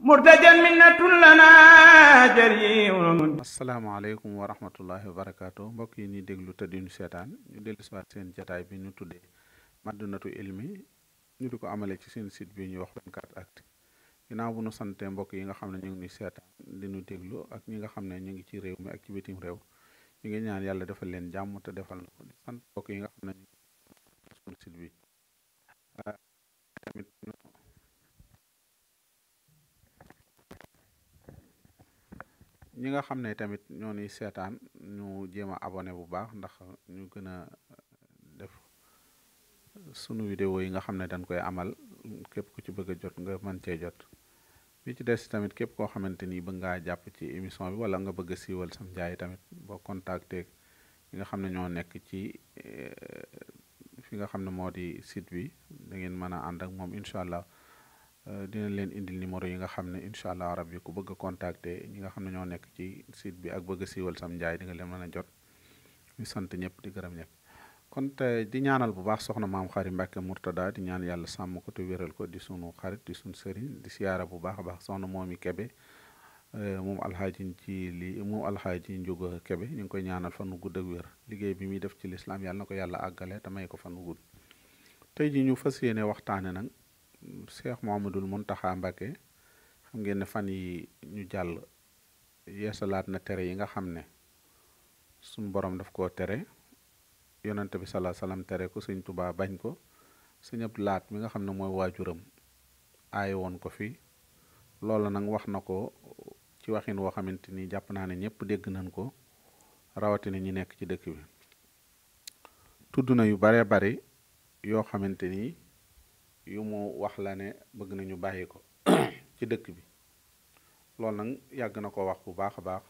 murtajan minnatun lana jariun asalaamaaleykum wa rahmatullahi wa barakaatu mbokk yi ñuy déglu te dinu seetaan ñu dellusiwaat seen jataay bi ñu tuddee madinatu ilmi ñu di ko amalee ci seen sit bi ñuy wax 24actu ginnaaw bu nu sante mbokk yi nga xam ne ñu ngi ñuy seetaan di ñu déglu ak ñi nga xam ne ñu ngi ci réew mi ak ci bitim réew ñu ngi ñaan yàlla defal leen jàmm te defal na ko di sant mbokk yi nga xam ne ñu ngi site bi ah, ñi nga xam ne tamit ñoo ni seetaan ñu jéem a abonné bu baax ndax ñu gën a euh, def sunu vidéo yi nga xam ne dañ koy amal képp ku ci bëgg a jot nga mën cee jot bi ci des tamit képp koo xamante ni bëgg ngaa jàpp ci émission bi wala nga bëgg siiwal sam jaay tamit boo contacté ñi nga xam ne ñoo nekk ci euh, fi nga xam ne moo di site bi da ngeen mën a ànd ak moom incha allah Euh, dina leen indil numéro yi nga xam ne incha allah rabbi ku bëgg a contacter ñi nga xam ne ñoo nekk ci site bi ak bëgg a siiwal sam njaay di nga leen mën a jot ñu sant ñëpp di gërëm ñëpp. kon te di ñaanal bu baax soxna maam xari Mbàkke Murtada di ñaan yàlla sàmm ko te wéral ko di sunu xarit di sunu sëriñ di siyaara bu baax a baax soxna moomi Kebe euh, moom alxaaji ci li moom alxaaji Njuga Kebe ñu ngi koy ñaanal fan nu gudd ak wér liggéey bi muy def ci lislaam yàlla na ko yàlla àggale te may ko fan wu Cheikh Mouhamadoul Mountakha Mbacké xam ngeen fan yi ñu jàll yeesalaat na tere yi nga xam ne suñu boroom daf koo tere yonante bi salaa salaam tere ko sëñ Tuubaa bañ ko sëñ Abdu Laat mi nga xam ne mooy waajuram aaye woon ko fi loola nag wax na ko ci waxin woo xamante ni jàpp naa ne ñëpp dégg nañ ko rawatina ñi nekk ci dëkk bi tudd na yu bare bari yoo xamante ni yu mu wax la ne bëgg nañu bàyyi ko ci dëkk bi loolu nag yàgg na ko wax bu baax a baax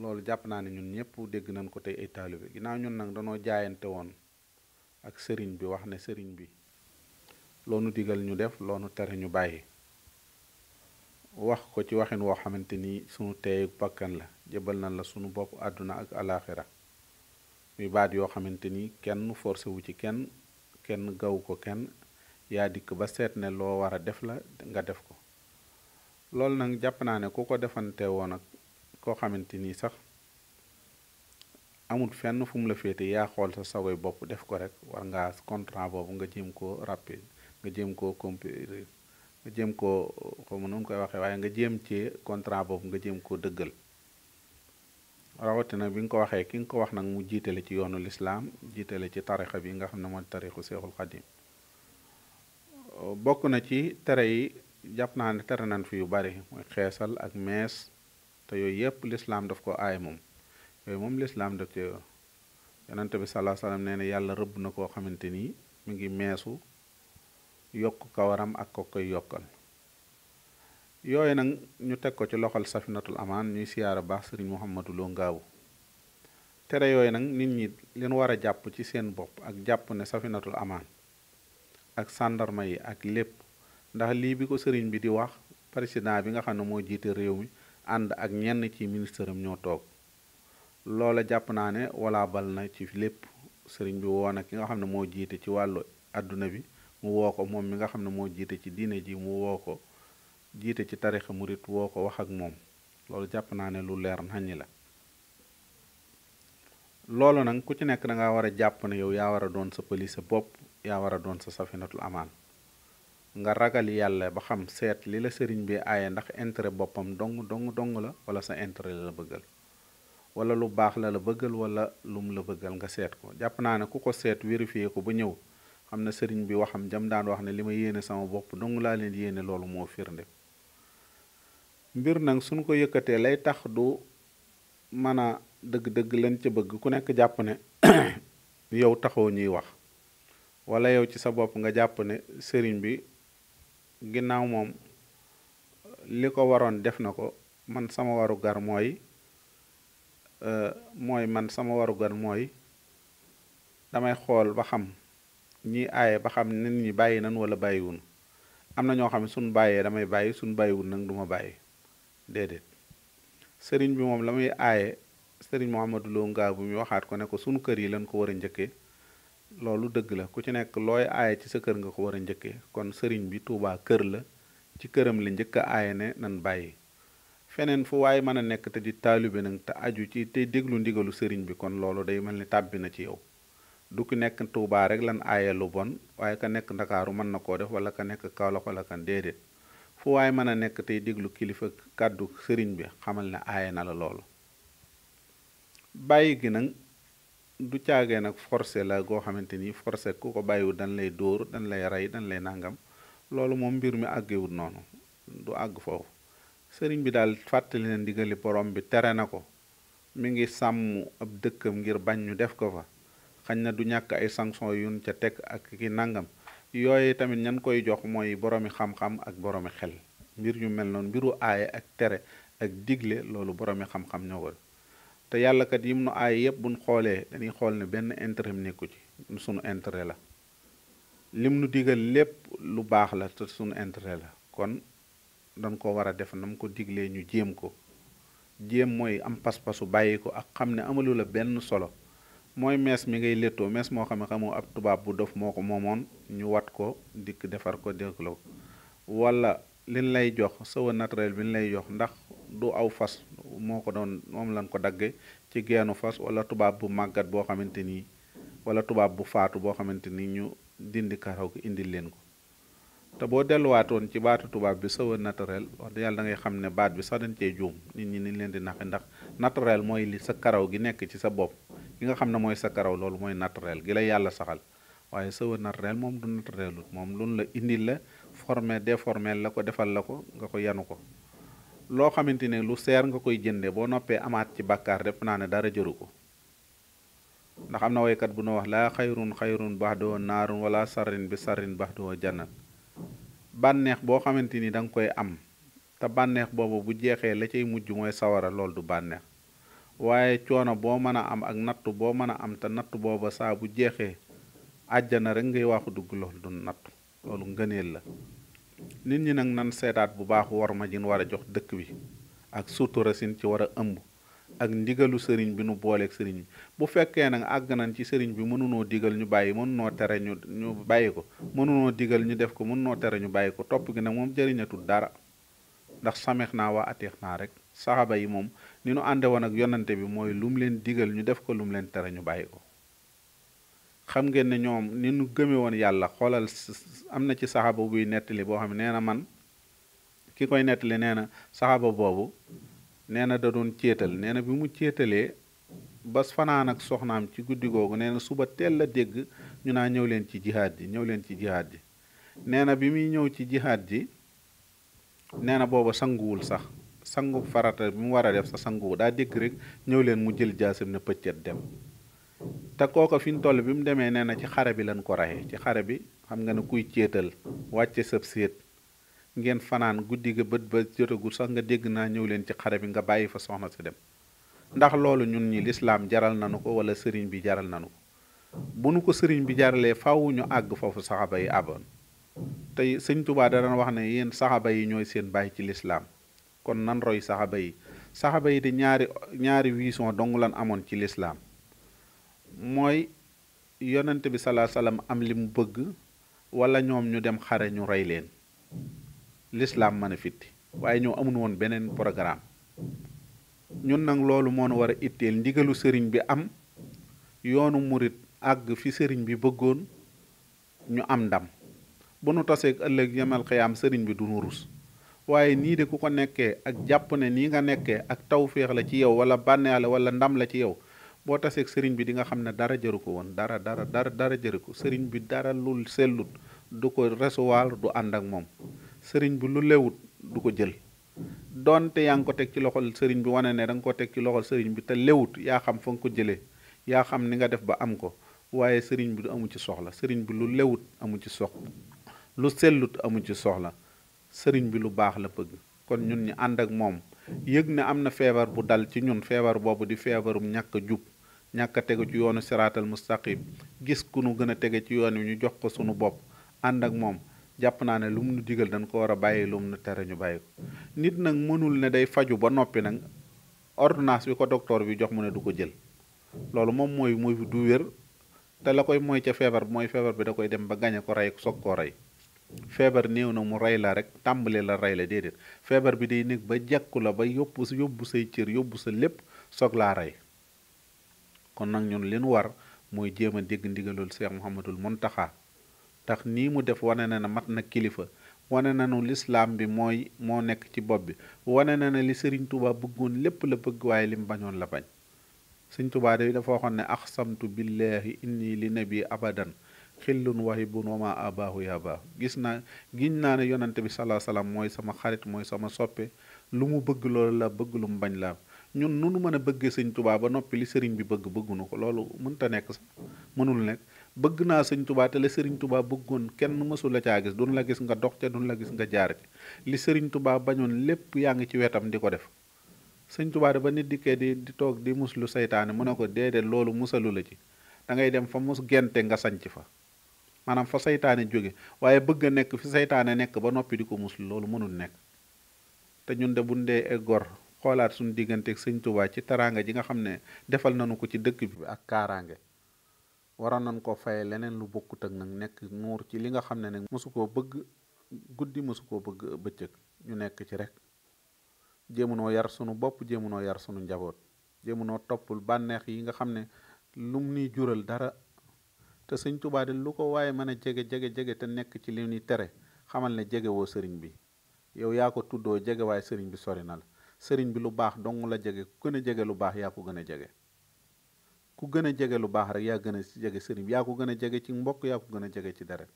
loolu jàpp naa ne ñun ñëpp dégg nañ ko tey ay taalibe ginnaaw ñun nag danoo jaayante woon ak sëriñ bi wax ne sëriñ bi loonu digal ñu def loonu tere ñu bàyyi wax ko ci waxin woo xamante ni sunu teeyu bakkan la jëbal nañ la sunu bopp àdduna ak alaaxira muy baat yoo xamante ni kenn forcé ci kenn kenn gaw ko kenn yaa dikk ba seet ne loo war a def la nga def ko loolu nag jàpp naa ne ku ko defante woon ak koo xamante nii sax amul fenn fu mu la féete yaa xool sa sagoy bopp def ko rek war ngaa contrat boobu nga jéem koo rapide nga jëm koo compérir nga jéem koo xaw ma nu koy waxee waaye nga jéem ci contrat boobu nga jëm koo dëggal rawatina bi nga ko waxee ki nga ko wax nag mu jiitale ci yoonu lislaam jiitale ci tarixa bi nga xam ne mooy tarixu seexul xadim bokk na ci tere yi jàpp naa ne tere nañ fi yu bari mooy xeesal ak mees te yooyu yépp lislaam daf ko aay moom yooyu moom lislaam daf ci yonente bi salaa salaam nee na yàlla rëbb na koo xamante nii mu ngi meesu yokk kawaram ak ko koy yokkal yooyu nag ñu teg ko ci loxol safinatul amaan ñuy siyaara baax sëriñ Muhammadu Lo Ngaabu tere yooyu nag nit ñi leen war a jàpp ci seen bopp ak jàpp ne safinatul amaan ak sàndarma yi ak lépp ndax lii bi ko sëriñ bi di wax président bi nga xam ne moo jiite réew mi ànd ak ñenn ci ministre am ñoo toog loola jàpp naa ne wala bal na ci lépp sëriñ bi woo na ki nga xam ne moo jiite ci wàllu àdduna bi mu woo ko moom mi nga xam ne moo jiite ci diine ji mu woo ko jiite ci tarixa murit woo ko wax ak moom loolu jàpp naa ne lu leer naññi la loolu nag ku ci nekk da ngaa war a jàpp ne yow yaa war a doon sa pëlis sa bopp yaa war a doon sa safinatul amaan nga ragal yàlla ba xam seet li la sëriñ bi aaye ndax intérêt boppam dong dong dong la wala sa intérêt la la bëggal wala lu baax la la bëggal wala lum la bëggal nga seet ko jàpp naa ne ku ko seet vérifié ko ba ñëw xam na sëriñ bi waxam jam daan wax ne li ma yéene sama bopp dong laa leen yéene loolu moo firnde mbir nag suñ ko yëkkatee lay tax du mën a dëgg-dëgg leen ca bëgg ku nekk jàpp ne yow taxoo ñuy wax walla yow ci sa bopp nga jàpp ne sëriñ bi ginnaaw moom li ko waroon def na ko man sama waru gar mooy euh, mooy man sama waru gar mooy damay xool ba xam ñi aaye ba xam nit ñi bàyyi nan wala bàyyiwun am na ñoo xam ne bàyyee damay bàyyi suñ bàyyiwun nag du ma bàyyi déedéet sëriñ bi moom la muy aaye sëriñ Mouhamadou Lo bu mi waxaat ko ne ko sunu kër yi lañ ko war a njëkkee loolu dëgg la ku ci nekk looy aaye ci sa kër nga ko war a njëkkee kon sëriñ bi Touba kër la ci këram la njëkk a aaye ne nan bàyyi feneen fu waaye mën a nekk te di taalibe nag te aju ci te déglu ndigalu sëriñ bi kon loolu day mel ni tàbbi na ci yow du ki nekk Touba rek lan aaye lu bon waaye ka nekk Ndakaaru mën na koo def wala ka nekk Kaolack wala fu waay mën a nekk tey déglu kilifa kàddu sëriñ bi xamal na aaye na la loolu bàyyi gi nag du caagee nag forcé la goo xamante ni forcé ku ko bàyyiwul dañ lay dóor dañ lay rey dañ lay nàngam loolu moom mbir mi àggewut noonu du àgg foofu sëriñ bi daal fàttali na ndigali borom bi tere na ko mu ngi sàmm ab dëkkam ngir bañ ñu def ko fa xañ na du ñàkk ay sanction yun ca teg ak ki nàngam yooyu tamit ñan koy jox mooy boroomi xam-xam ak boroomi xel mbir ñu mel noonu mbiru aaye ak tere ak digle loolu boroomi xam-xam ñoo te yàlla kat yim nu aaye yëpp buñ xoolee dañuy xool ne benn intérêt mu nekku ci sunu intérêt la lim nu digal lépp lu baax la te sunu intérêt la kon dañ ko war a def na ko diglee ñu jéem ko jéem mooy am pas-pasu bàyyi ko ak xam ne amalu la benn solo mooy mees mi ngay léttoo mees moo xam ne xamoo ab tubaab bu dof moo ko moomoon ñu wat ko dikk defar ko déglu ko wala liñ lay jox sëwa naturel bi ñu lay jox ndax du aw fas moo ko doon moom lañ ko dagge ci geenu fas wala tubaab bu màggat boo xamante ni wala tubaab bu faatu boo xamante ni ñu dindi karaw gi indil leen ko te boo delluwaatoon ci baatu tubaab bi sëwa naturel wax yàlla da ngay xam ne baat bi sax dañ cee juum nit ñi niñ leen di nax ndax naturel mooy li sa karaw gi nekk ci sa bopp gi nga xam ne mooy sa karaw loolu mooy naturel gi la yàlla saxal waaye sëwa naturel moom du naturelul moom lu la indi la formé déformé la ko defal la ko nga ko yanu ko loo xamante ne lu seer nga koy jënde boo noppee amaat ci bàkkaar def naa ne dara jëru ko ndax am na waykat bu nu wax laa xayrun xayrun baxdoo naaru wala sarrin bi sarrin baxdoo jannat bànneex boo xamante ni da nga koy am te bànneex boobu bu jeexee la cay mujj mooy sawara lool du bànneex waaye coono boo mën a am ak natt boo mën a am te natt booba saa bu jeexee àjjana rek ngay waxu dugg loolu du natt loolu ngëneel la nit ñi nag nan seetaat bu baax war ma war a jox dëkk bi ak sutura sin ci war a ëmb ak ndigalu sëriñ bi nu booleeg sëriñ bi bu fekkee nag àgg nañ ci sëriñ bi mënunoo digal ñu bàyyi mënunoo tere ñu ñu bàyyi ko mënunoo digal ñu def ko mënunoo tere ñu bàyyi ko topp gi nag moom jëriñatul dara ndax sameex naa waa ateex naa rek saxaba yi moom ni nu ànde woon ak yonante bi mooy lu mu leen digal ñu def ko lu mu leen tere ñu bàyyi ko xam ngeen ne ñoom ni nu gëme woon yàlla xoolal am na ci saxaaba buy nettali boo xam ne nee na man ki koy nettali nee na saxaaba boobu nee na da doon céetal nee bi mu céetalee ba fanaan ak soxnaam ci guddi googu nee na suba teel la dégg ñu naa ñëw leen ci jihaad ji ñëw leen ci jihaad ji nee na bi muy ñëw ci jihaad ji nee na booba sanguwul sax sangu farata bi mu war a def sa sangu daa dikk rek ñëw leen mu jël jaasim ne pëccet dem te kooka fi mu toll bi mu demee nee na ci xare bi lañ ko raxe ci xare bi xam nga ne kuy céetal wàcce sab séet ngeen fanaan guddi ga bët ba jotagul sax nga dégg naa ñëw leen ci xare bi nga bàyyi fa soxna si dem ndax loolu ñun ñi lislaam jaral nanu ko wala sëriñ bi jaral nanu ko bu nu ko sëriñ bi jaralee faaw ñu àgg foofu saxaba yi aboon te sëñ Tuubaa da wax ne yéen saxaba yi ñooy seen bàyyi ci lislaam kon nan roy saxaba yi saxaba yi di ñaari ñaari vision dong lan amoon ci lislaam mooy yonent bi salaa salaam am li mu bëgg walla ñoom ñu dem xare ñu rey leen lislaam mën a fitti waaye ñoo amul woon beneen programme ñun nag loolu moo nu war a itteel ndigalu sëriñ bi am yoonu murit àgg fi sëriñ bi bëggoon ñu am ndam bu nu taseeg ëllëg yemal xiyaam sëriñ bi du nu waaye nii de ku ko nekkee ak jàpp ne nii nga nekkee ak tawféex la ci yow wala bànneex la wala ndam la ci yow boo taseeg sëriñ bi di nga xam ne dara jëru ko woon dara dara dara dara jëru ko sëriñ bi dara lu sellut du ko recevoir du ànd ak moom sëriñ bi lu lewut du ko jël donte yaa ngi ko teg ci loxol sëriñ bi wane ne danga nga ko teg ci loxol sëriñ bi te lewut yaa xam fa nga ko jëlee yaa xam ni nga def ba am ko waaye sëriñ bi du amu ci soxla sëriñ bi lu lewut amu ci soxla lu sellut amu ci soxla sëriñ bi lu baax la bëgg kon ñun ñi ànd ak moom yëg ne am na feebar bu dal ci ñun feebar boobu di feebarum ñàkk a jub ñàkk a ci yoonu siraatal mustaqim gis ku nu gën a tege ci yoon wi ñu jox ko sunu bopp ànd ak moom jàpp naa ne lu mu nu digal dañ ko war a bàyyi lu mu nu tere ñu bàyyi ko nit nag mënul ne day faju ba noppi nag ordonnance bi ko docteur bi jox mu ne du ko jël loolu moom mooy mooy du wér te la koy mooy ca feebar mooy feebar bi da koy dem ba gañe ko rey soog koo rey feebar néew na mu rey la rek tàmbali la rey la déedéet feebar bi day nekk ba jekku la ba yóbbu yóbbu say cër yóbbu sa lépp soog laa rey kon nag ñun leen war mooy jéem a dégg ndigalul Seex Muhammadul Muntaxa tax nii mu def wane na ne mat na kilifa wane na nu lislaam bi mooy moo nekk ci bopp bi wane na ne li Sëriñ Tuubaa bëggoon lépp la bëgg waaye lim bañoon la bañ sëñ Sëriñ Tuubaa day dafa waxoon ne axsamtu billaahi indi li nabi abadan xillun wahibun wama abaahu ya baahu gis naa giñ naa ne yonante bi salaa salaam mooy sama xarit mooy sama soppe lu mu bëgg loolu la bëgg lu mu bañ laa ñun nu nu mën a bëggee sëñ tubaa ba noppi li sëriñ bi bëgg bëggunu ko loolu mënta nekk sax mënul nekk bëgg naa sëñ tubaa te la sëriñ tubaa bëggoon kenn mësu la caa gis duñ la gis nga dox ca duñ la gis nga jaar ca li sëriñ tubaab bañoon lépp yaa ngi ci wetam di ko def sëñ tubaa ba nit dikkee di di toog di muslu seytaane mu ne ko déedéet loolu musalu la ci da ngay dem fa mus gente nga sanc fa maanaam fa seytaane jóge waaye bëgg a nekk fi seytaane nekk ba noppi di ko muslu loolu mënul nekk te ñun de buñ dee e gor xoolaat suñu digganteeg sëñ Tuubaa ci taraanga ji nga xam ne defal nañu ko ci dëkk bi ak kaaraange waroon nañ ko faye leneen lu bokkut ak nag nekk nuur ci li nga xam ne nag mosu koo bëgg guddi mosu koo bëgg bëccëg ñu nekk ci rek jéemu noo yar sunu bopp noo yar sunu njaboot jéemunoo toppul bànneex yi nga xam ne lum nuy jural dara te sëñ Tuubaa lu ko waaye mën a jege jege jege te nekk ci li ñuy tere xamal ne jege woo sëriñ bi yow yaa ko tuddoo jege waaye sëriñ bi sori na la sëriñ bi lu baax dong la jege ku gën a jege lu baax yaa ko gën a jege ku gën a jege lu baax rek yaa gën a jege sëriñ bi yaa ko gën a jege ci mbokk yaa ko gën a jege ci deret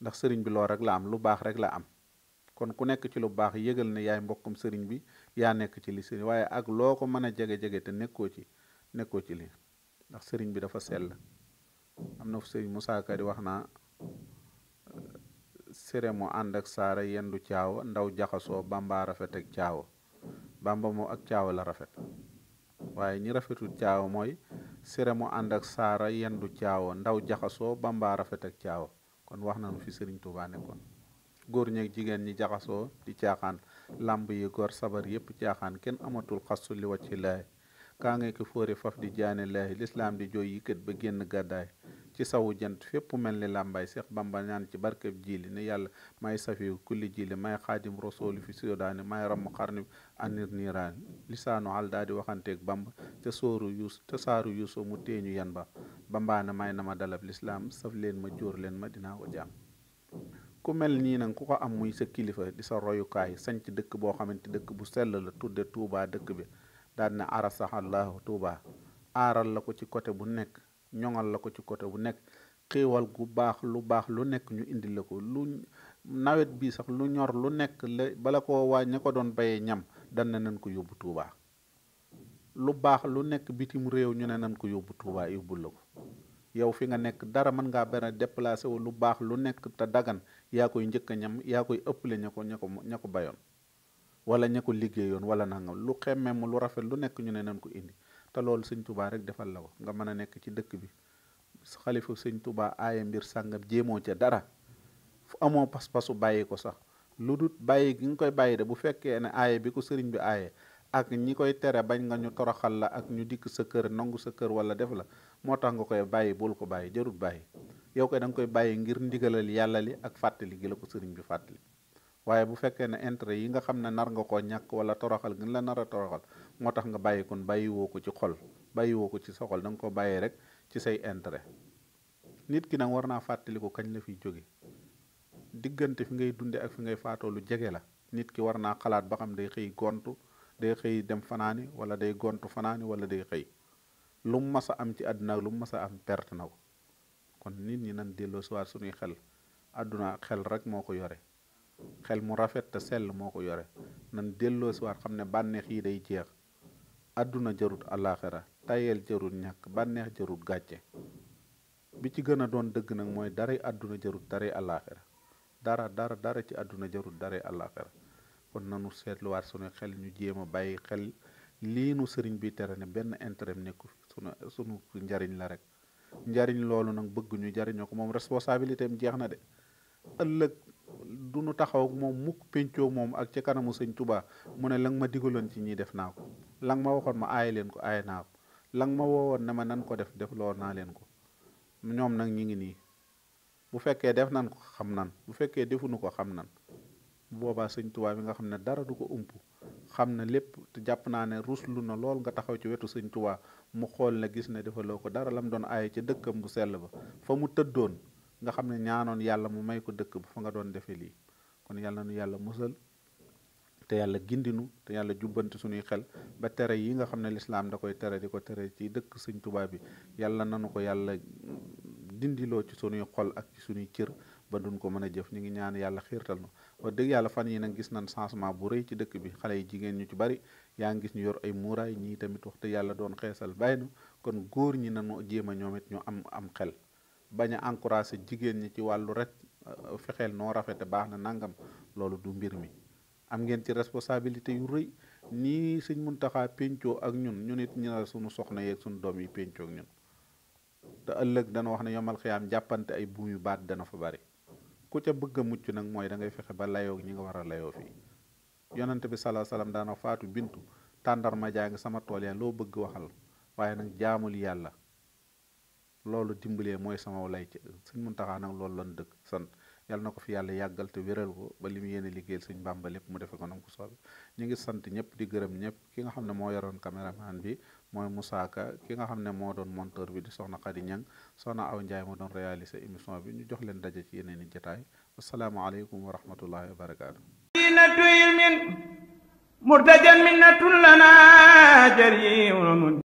ndax sëriñ bi lool rek la am lu baax rek la am kon ku nekk ci lu baax yëgal ne yaay mbokkum sëriñ bi yaa nekk ci li sëriñ waaye ak loo ko mën a jege jege te nekkoo ci nekkoo ci li ndax sëriñ bi dafa sell am na fu sëñ Moussa wax na sere euh, mu ànd ak saara yendu caawa ndaw jaxasoo bamba rafet ak caawa bamba moo ak caawa la rafet waaye ñi rafetul caawa mooy sere mu ànd ak saara du caawa ndaw jaxasoo bamba rafet ak caawa kon wax nañu fi sëriñ Tuubaa nekkoon góor ñeeg jigéen ñi jaxasoo di caaxaan làmb yi gor sabar yépp caaxaan kenn amatul xastu li wàcc laay kaa nga ki fóore faf di jaane laay lislaam di jooy yëkkat ba génn gàddaay ci sawu jant fépp mel ni làmbaay Seex Bamba ñaan ci barkeb jiili ne yàlla may safiyu kulli jiili may xaadim rasooli fi sudaani may ramm xarni anir niiraani lisaanu al daa di waxanteeg Bamba te saaru yuuso mu teeñu yan ba bambaana may na ma dalab lislaam saf leen ma jóor leen ma dinaa ko jaam ku mel nii nag ku ko am muy sa kilifa di sa royukaay sanc dëkk boo xamante dëkk bu sell la tudde tuubaa dëkk bi daal ne arasaxallaahu tuubaa aaral la ko ci côté ñoŋal la ko ci côté bu nekk xéewal gu baax lu baax lu nekk ñu indi la ko lu nawet bi sax lu ñor lu nekk la bala ko waa ña ko doon bayee ñam dan na nañ ko yóbbu Tuubaa lu baax lu nekk bitim réew ñu ne nañ ko yóbbu Tuubaa yóbbu la ko yow fi nga nekk dara mën ngaa bere déplacé wu lu baax lu nekk te dagan yaa koy njëkk a ñam yaa koy ëppale ña ko ña ko ña ko bayoon wala ña ko yoon wala nanga lu xemmem lu rafet lu nekk ñu ne nañ ko indi te loolu sëñ tubaa rek defal la ko nga mën a nekk ci dëkk bi xalifa sëñ tubaa aaye mbir sàngam jéemoo ca dara fu amoo pas-pasu bàyyi ko sax lu dut bàyyi gi nga koy bàyyi de bu fekkee ne aaye bi ko sëriñ bi aaye ak ñi koy tere bañ nga ñu toroxal la ak ñu dikk sa kër nangu sa kër wala def la moo tax nga koy bàyyi bul ko bàyyi jarut bàyyi yow koy da nga koy bàyyi ngir ndigalal yàlla li ak fàttali gi la ko sëriñ bi fàttali waaye bu fekkee ne intérêt yi nga xam ne nar nga koo ñàkk wala toroxal gën la nar a toroxal moo tax nga bàyyi kon bàyyiwoo ko ci xol bàyyiwoo ko ci sa xol da nga ko bàyyi rek ci say intérêt nit ki nag war naa fàttaliku kañ la fiy jóge diggante fi ngay dunde ak fi ngay faatoo lu jege la nit ki war naa xalaat ba xam day xëy gontu day xëy dem fanaani wala day gontu fanaani wala day xëy lu mu a am ci àdduna ak lu mu a am perte na ko kon nit ñi nan delloo siwaat sunuy xel àdduna xel rek moo ko yore xel mu rafet te sell moo ko yore nan delloo si waat xam ne bànneex yi day jeex àdduna jarut àllaaxira tayeel jarut ñàkk bànneex jarut gàcce bi ci gën a doon dëgg nag mooy daray àdduna jarut daray àllaaxira dara dara dara ci àdduna jarut daray àllaaxira kon nanu seetluwaat sunu xel ñu jéem a bàyyi xel lii nu sëriñ bi tere ne benn intérêt nekku sunu sunu njariñ la rek njariñ loolu nag bëgg ñu jariñoo ko moom responsabilité am jeex na de ëllëg du nu taxaw moom mukk pencoo moom ak ci kanamu sëñ tubaa mu ne la nga ma digaloon ci ñii def naa ko lang ma waxoon ma aaye leen ko aaye naa ko la nga ma woowoon ne ma nan ko def def loo naa leen ko ñoom nag ñi ngi nii bu fekkee def nan ko xam nan bu fekkee defuñu ko xam nan boobaa sëñ tubaa bi nga xam ne dara du ko ump xam na lépp te jàpp naa ne ruslu na lool nga taxaw ci wetu sëñ tubaa mu xool na gis ne defaloo ko dara lam doon aaye ca dëkkam bu sell ba fa mu tëddoon nga xam ne ñaanoon yàlla mu may ko dëkk ba fa nga doon defee lii kon yàlla nu yàlla musal te yàlla gindinu te yàlla jubbanti suñuy xel ba tere yi nga xam ne lislaam da koy tere di ko tere ci dëkk sëñ tubaab yi yàlla na nanu ko yàlla dindiloo ci suñuy xol ak ci suñuy cër ba duñ ko mën a jëf ñu ngi ñaan yàlla xiirtal na wax dëgg yàlla fan yi nag gis nañ changement bu rëy ci dëkk bi xale yi jigéen ñu ci bari yaa ngi gis ñu yor ay muuraay ñii tamit wax te yàlla doon xeesal bàyyi kon góor ñi nanu jéem a ñoom it am am xel bañ a encouragé jigéen ñi ci wàllu rek euh, fexeel noo rafete baax na nangam loolu du mbir mi am ngeen ci responsabilité yu rëy nii suñ mun taxaa péncoo ak ñun ñu it ñu ne soxna yeeg suñu doom yi péncoo ak ñun te ëllëg dana wax ne yomal xiyaam jàppante ay buum yu baat dana fa bari ku ca bëgg a mucc nag mooy da ngay fexe ba layoog ñi nga war a layoo fii yonante bi salaa salaam daana faatu bintu tàndarma jaa ngi sama tool yaa loo bëgg waxal waaye nag jaamul yàlla loolu dimbalee mooy sama lay ci sëñ Muntaxa nag loolu lan dëkk sant yàlla na ko fi yàlla yàggal te wéral ko ba li mu yéene liggéeyal sëñ Bàmba lépp mu defe ko nam ko sol ñu ngi sant ñëpp di gërëm ñëpp ki nga xam ne moo yoroon caméraman bi mooy Moussa Ka ki nga xam ne moo doon monteur bi di soxna Xadi Ñang soxna Aw Njaay moo doon réaliser émission bi ñu jox leen daje ci yeneen i jotaay asalaamaaleykum wa rahmatullahi wa barakaatu dinatu ilmin murtajan minnatun